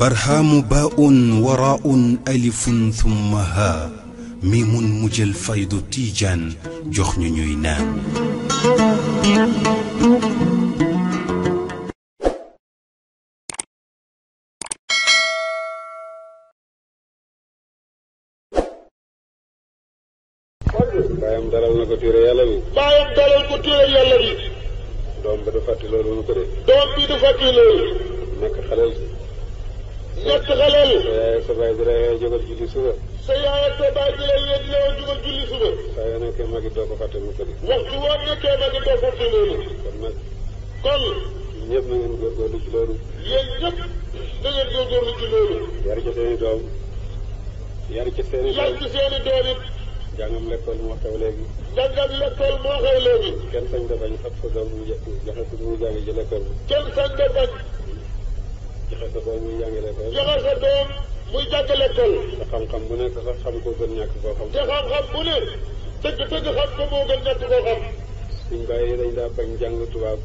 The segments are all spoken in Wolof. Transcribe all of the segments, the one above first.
برهام باء وراء ألف ثم ها ميم مجل فيض تيجان جخن نينان baayam dalal na ko tuure yàlla bi baayam dalal ko tuure yàlla bi doom bi du fàtti loolu nu ko de doom bi du fàtti loolu nekk xalel ñett xaleel. sa yaay ak sa baay bi la yee jógal julli suba. sa yaay ak sa baay bi la yee di la jógal julli suba. saa yoo nekkee magi doo waxtu woo nekkee magi doo ko fàtte loolu. kon nag. kon. ñëpp na ngeen góorgóorlu ci loolu. yéen ñëpp na ngeen góorgóorlu ci loolu. yar ci seen i doom. yar ci seen i doom yar ci seen i doom it. léegi. jàngam lekkool moo xew léegi. kenn sañ sa doom mu joxe mu jàng ci lekkool bi. kenn sañ nga joxe sa doom muy jàngale ko. joxe sa doom muy jàngale ko. te xam-xam bu nekk sax xam koo gën ñàkk koo xam. te xam-xam bu ne dëgg-dëgg xam ko moo gën ñàkk koo xam. suñ bàyyi dañ daa bañ jàng tubaab.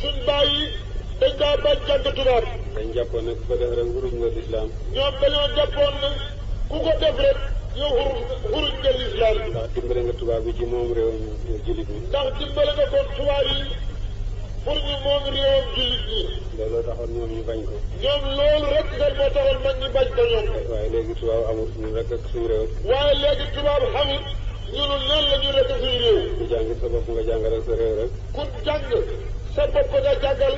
suñ bàyyi dañ daa bañ jàng tubaab. dañ jàppoon nag ku ko def rek ko def rek yow wuruj nga lislaam. ndax dimbale nga tubaab yi ci moom réew mi jullit mi. ndax dimbale nga ko tubaab yi. pour ñu moom réewam jullit ñi. looloo taxoon ñoom ñu bañ ko. ñoom loolu rek ngeen moo taxoon mag ñi bañ ko ñoom. waaye léegi tubaab amul ñun rek ak suñu réew. waaye rek ak suñu réew. ku sa bopp nga jàngalal sa réew rek. ku jàng sa bopp nga jàngal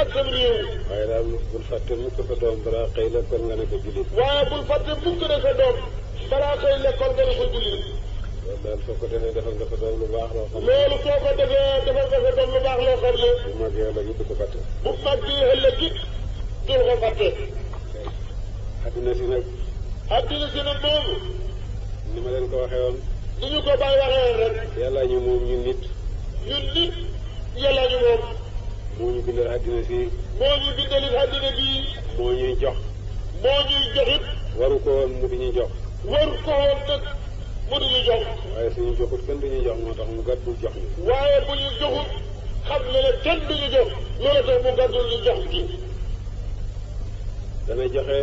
ak sa réew. waaye daal bul fàtte mukk sa doom balaa xëy lekkool nga ne ko jullit. waaye bul fàtte mukk ne sa doom balaa xëy lekkool nga ne ko loolu daal soo ko defee defal nga sa doom lu baax loo xam ne. loolu soo ko defee defal nga sa doom lu baax loo xam ne. bu màggee ëllëg it du ko fàtte. bu màggee ëllëg it du ko fàtte. adduna si nag. adduna si nag moomu. ni ma leen ko waxee woon. ni ñu ko bàyyi waxee woon rek. yàlla ñu moom ñun nit. ñun nit yàlla ñu moom. moo ñu bindal adduna si. moo ñu bindal it adduna bii. moo ñuy jox. moo ñuy jox it. waru ko woon mu di ñu jox. waru ko woon nag. mënuñu jox. waaye suñu joxul kenn duñu jox moo tax mu gàddul jox ñu. waaye bu ñu joxul xam na ne kenn duñu jox loolu tax mu gàddul ñu jox gi. dana joxe.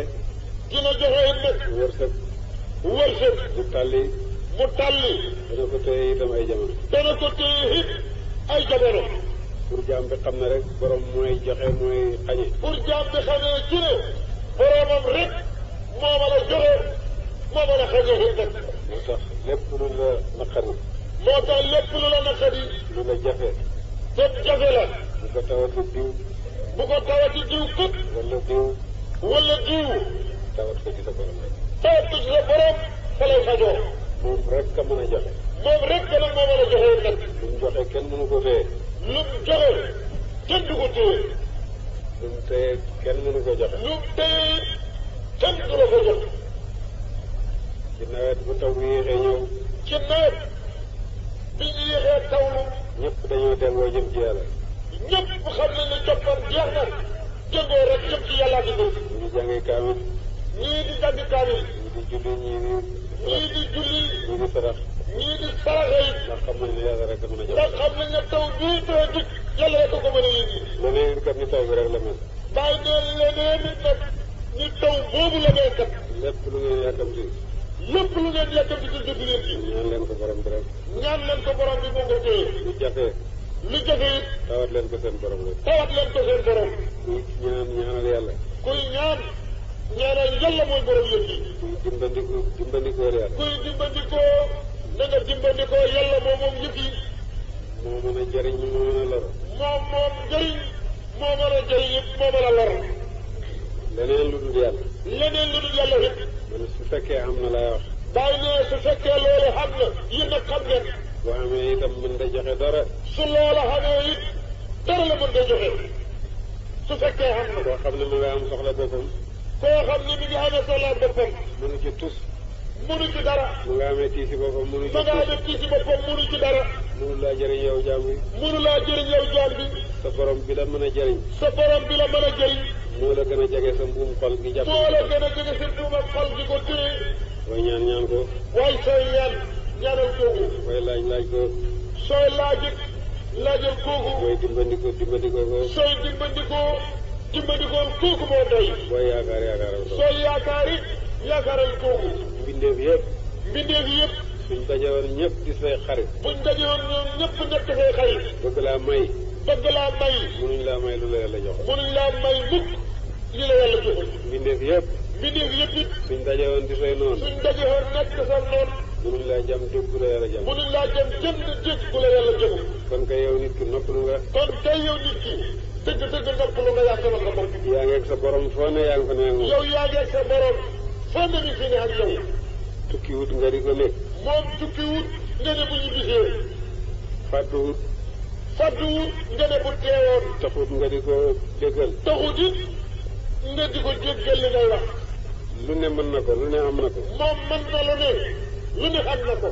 dina joxe it nag. wërsëg. wërsëg. mu tàlli. mu tàlli. dana ko téye itam ay jamono. dana ko téye it ay jamono. pour jaam bi xam ne rek borom mooy joxe mooy xañe. pour jaam bi xamee ci ne boromam rek moo mën a joxe moo mën a xañe it nag. moo tax lépp lu la naqari. moo tax lépp lu la naqari. lu la jafe. te jafe la. bu ko tawati diw. bu ko tawati diw kët. wala diw. wala diw. tawat ko ci sa borom rek. tawat ko ci sa borom. fa lay fajoo. moom rek ka mën a joxe. moom rek ka nag moo mën a joxe nag. lu mu joxe kenn mënu ko téye. lu mu joxe kenn du ko téye. lu mu téye kenn mënu ko joxe. lu mu téye kenn du la ko joxe. ci nawet bu taw bu yéexee ñëw. ci nawet ñu yéexee tawlu. ñëpp dañoo delloo jëm ci yàlla. ñëpp bu xam ne ni coppam yàlla di dégg. kaamil. ñii di julli ñii di. julli. ñii di sarax. ñii di saraxee it. ndax xam ne yàlla rek a mën a jàpp. yàlla rek a ko mën a yëngu. leneen kat ni taw bi la mel. taw lépp lu ngeen yàkkamti lépp lu ngeen yàkkati ci dëgg leen ci. ñaan leen ko borom bi rek. ñaan leen ko borom bi moo ko téye. lu jafe. lu jafe it. tawat leen ko seen borom rek. tawat leen ko seen borom. kuy ñaan ñaanal yàlla. kuy ñaan ñaanal yàlla mooy borom yëpp yi. kuy dimbandikoo dimbandikoo yàlla. kuy dimbandikoo na nga dimbandikoo yàlla moom moom yëpp yi. moo mën a jëriñ moo mën a lor. moom moom jëriñ moo mën a jëriñ yëpp moo mën a lor. leneen lu dul yàlla. leneen lu dul yàlla yëpp. شكي am na lay wax. bàyyi ne su fekkee loolu xam na yéen a xam ngeen. bu amee itam mën da joxe dara. su loola xamee it dara la mën da joxe su fekkee xam na. koo xam ne mu ngi am soxla boppam. koo xam ne mi ngi amee soxla boppam. mënu ci tus. mënu ci dara. mu ngi amee tiisi boppam mënu ci. ma ngi amee tiisi boppam mënu ci dara. mënu laa jëriñ yow jaam bi. mënu laa jëriñ yow jaam bi. sa borom bi la mën a jëriñ. sa borom bi la mën a jëriñ. moo la gën a jege sa mbuum xol gi jàpp. moo la gën a jege sa mbuum xol gi ko téye. way ñaan ñaan ko. way sooy ñaan ñaanal kooku. way laaj laaj ko. sooy laaj it laajal kooku. way dimbandikoo dimbandikoo ko. sooy dimbandikoo dimbandikoo kooku moo doy. way yaakaar yaakaaral kooku. mbindeef yëpp. mbindeef yëpp. buñ dajewoon ñëpp di say xarit. buñ dajewoon ñoom ñëpp nekk say xarit. bëgg laa may. bëgg laa may. munuñ laa may lu la yàlla jox. munuñ laa may mukk li la yàlla joxul. mbindeef yëpp. mbindeef yëpp it. suñ daje woon di say laa jam jëf la yàlla jam. munuñ laa jam jëm jëf la yàlla joxul. kon kay yow nit ki noppalu nga. kon kay yow nit ki. dëgg dëgg noppalu nga yaakaar nga borom. yaa ngi ak sa borom foo ne yaa ngi fa ne moom. yow yaa ngi ak sa borom foo ne mi fi ne ak yow. tukki nga di nekk. moom tukki nga ne bu ñu gisee. faddu nga ne bu teewoon. taxut nga di ko jéggal. taxut it nga di ko jéggal li ngay wax. lu ne mën na ko lu ne am na ko. moom mën na lu ne lu ne am na ko.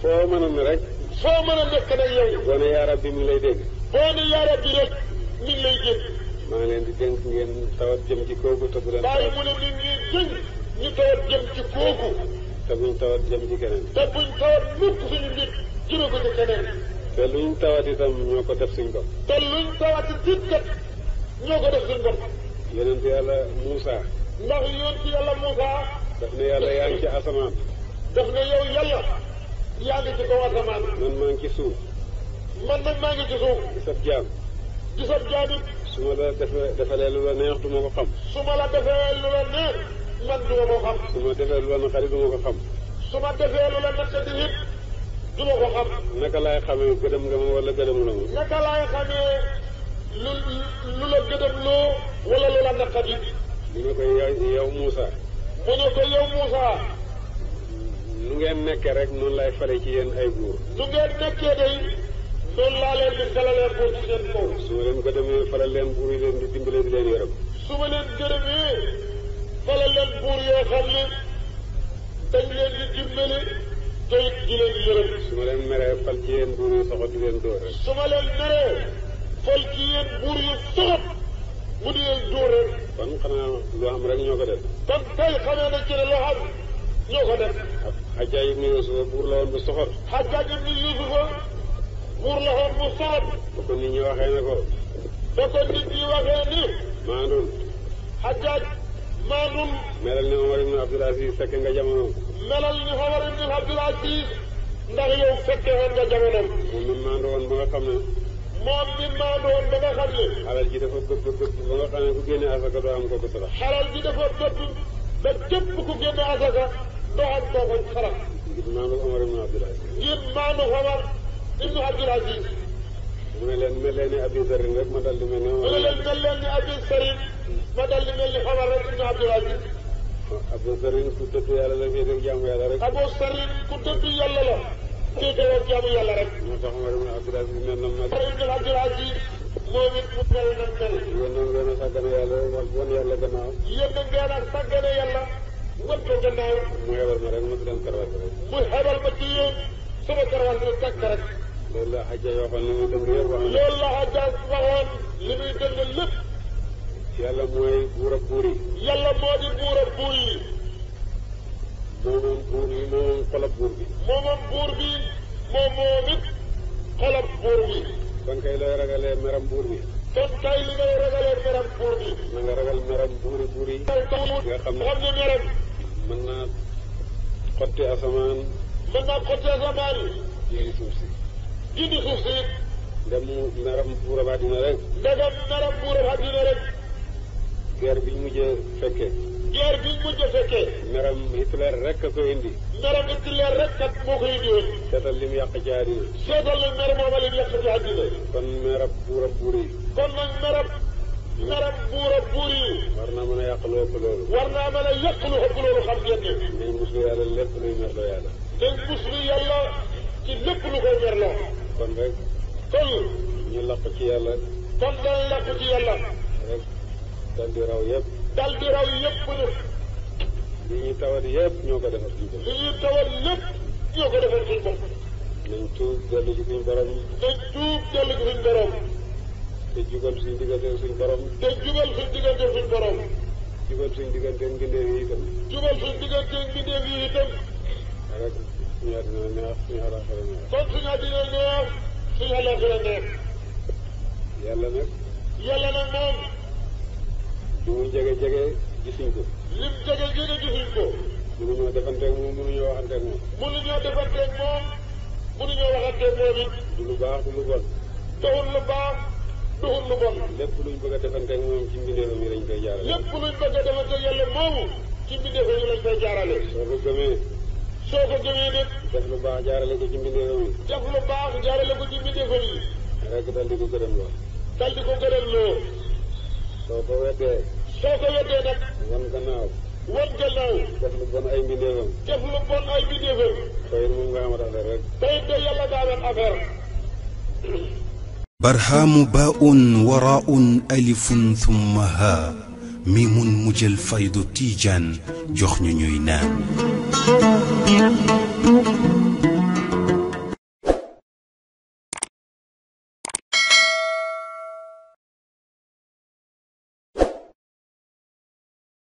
foo mën a ne rek. foo mën a nekk nag yow. boo ne yaa rabbi mi ngi lay dégg. boo ne yaa rabbi rek mi lay dégg. maa leen di dénk ngeen tawat jëm ci kooku te bu leen. bàyyi mu ne nit ñi dénk ñu tawat jëm ci kooku. te buñ tawat jëm ci keneen. te buñ tawat mukk suñu nit jëme ko ci keneen. te luñ tawat itam ñoo ko def suñ bopp te luñ tawat itam kat ñoo ko def suñ bopp yonent yàlla Moussa ndax yonent yàlla Moussa daf ne yàlla yaa ngi ci asamaan daf ne yow yàlla yaa ngi ci kaw asamaan man maa ngi ci suuf man nag maa ngi ci suuf di sab jaam di sab jaam it su ma la defee defalee lu la neex du ma ko xam su ma la defee lu la neex man du ma ko xam su ma defee lu la naqari du ma ko xam su ma defee lu la naqari it du ma ko xam. naka laay xamee gëdëm nga ma wala gëdëmu na ma. naka laay xamee lu lu la gëdëm loo wala lu la naqari. mu ne ko yow yow Moussa. mu ne ko yow Moussa. nu ngeen nekkee rek noonu lay fale ci yéen ay buur. nu ngeen nekkee day noonu laa leen di falalee buur ci seen kaw. su ma leen buur yi leen di dimbale di leen yërëm. su ma leen gëdëmee falal leen buur yoo xam ne dañ leen di dimbale. te it di leen yërëm. leen meree fal ci buur yu soxot di leen dóor rek. su ma leen meree fal ci yéen buur yu soxot mu di leen dóor rek. kon xanaa lu am rek ñoo ko def. kon tey xanaa na cëre loo ñoo ko def. Hajjaaj ibn Yuusufa buur la woon bu soxot. Hajjaaj ibn Yuusufa buur la woon bu soxot. ba ko nit ñi waxee ne ko. ba ko nit ñi waxee ni. maanun. Hajjaaj maanun. melal ni Omar ibn Abdul Aziz fekk nga jamono. melal ni laajti ndax yow fekke woon nga jamonoom. moom mi maandu woon ba nga xam ne. moom mi maandu woon ba nga xam ne. xalal ji dafa gëpp gëpp ba nga xam ne ku génne asaka doo am kooku sarax. xalal ji dafa gëpp ba képp ku génne asaka doo am kooku sarax. ngir maandu Omar ibnu Abdul Aziz. ngir maandu Omar ibnu Abdul Aziz. mu ne leen mel leen ni Abi Sarin rek ma dal di mel ni. mu ne leen mel leen ni Abi Sarin ma dal di mel ni Omar rek ibnu Abdul Aziz. Abu Sarin ku dëddu a la féetewoo jaamu yàlla rek. Abu Sarin ku dëddu yàlla la féetewoo jaamu yàlla rek. a ngeen a a ngeen a sàggane la Hadj waxoon li muy dëng yëpp waxoon. la Hadj yàlla mooy buur ak buur yi. yàlla moo di buur ak buur yi. moomoom buur yi moomoom xolab buur bi. moomoom buur bi moom moom it xolab buur bi. kon kay looy ragalee meram buur bi. kon kay li ngay meram buur bi. na nga ragal meram buuri buur yi. nga xam ne xam ne meram. mën naa xotti asamaan. mën naa xotti asamaan. jindi suuf si. jindi suuf si. ndem meram buurab àddina rek. ndegam rek. guerre bi ñu mujj a fekkee. guerre bi ñu mujj a fekkee. meram Hitler rek a ko indi. meram Hitler rek kat moo ko indi woon. seetal li mu yàq ci àddina. seetal la yàq ci àddina. kon merab buurab buur yi. kon nag merab. meram buurab buur yi. war naa mën a yàq lu ëpp loolu. war naa mën a yàq lu ëpp loolu xam ngeen ne. nañ muslu yàlla lépp luy merloo yàlla. nañ muslu yàlla ci lépp lu koy merloo. kon rek. kon. ñu laq ci yàlla. kon dañ laq ci yàlla. dal di raw yëpp. dal di raw yëpp ñun. li ñuy tawat yëpp ñoo ko defal suñu bopp. li ñuy tawat yëpp ñoo ko defal suñu bopp. nañ tuub tuub dellu ci suñu te jubal suñu diggante suñu borom. te jubal suñu diggante suñu borom. jubal suñu diggante mbindeef yi itam. jubal suñu diggante mbindeef yi itam. rek suñu àddina neex suñu àllaaxira neex. yàlla nag. yàlla nag moom. li muy jege jege gisuñ ko. lu jege jege gisuñ ko. mënuñoo defanteeg moom mënuñoo waxanteeg moom. mënuñoo defanteeg moom mënuñoo waxanteeg moom it. du lu baax du lu bon. doxul lu baax doxul lu bon. lépp luñ bëgg a defanteeg moom ci mbindeefam yi lañ koy jaarale. lépp luñ bëgg a defanteeg yàlla moomu ci mbindeefam yi lañ koy jaarale. soo ko gëmee. soo ko gëmee nag. def lu baax jaarale ko ci mbindeefam yi. def lu baax jaarale ko ci mbindeefam yi. rek dal di ko gërëm loo. dal di ko gërëm soo ko weddee nag. wan gannaaw. wan gannaaw. def lu bon ay mbindeefam. def lu bon ay mbindeefam. tey moom nga amat affaire rek. tey de yàlla daa amat affaire. برهام باء وراء ألف ثم ها ميم مجل فيض تيجان جخن نام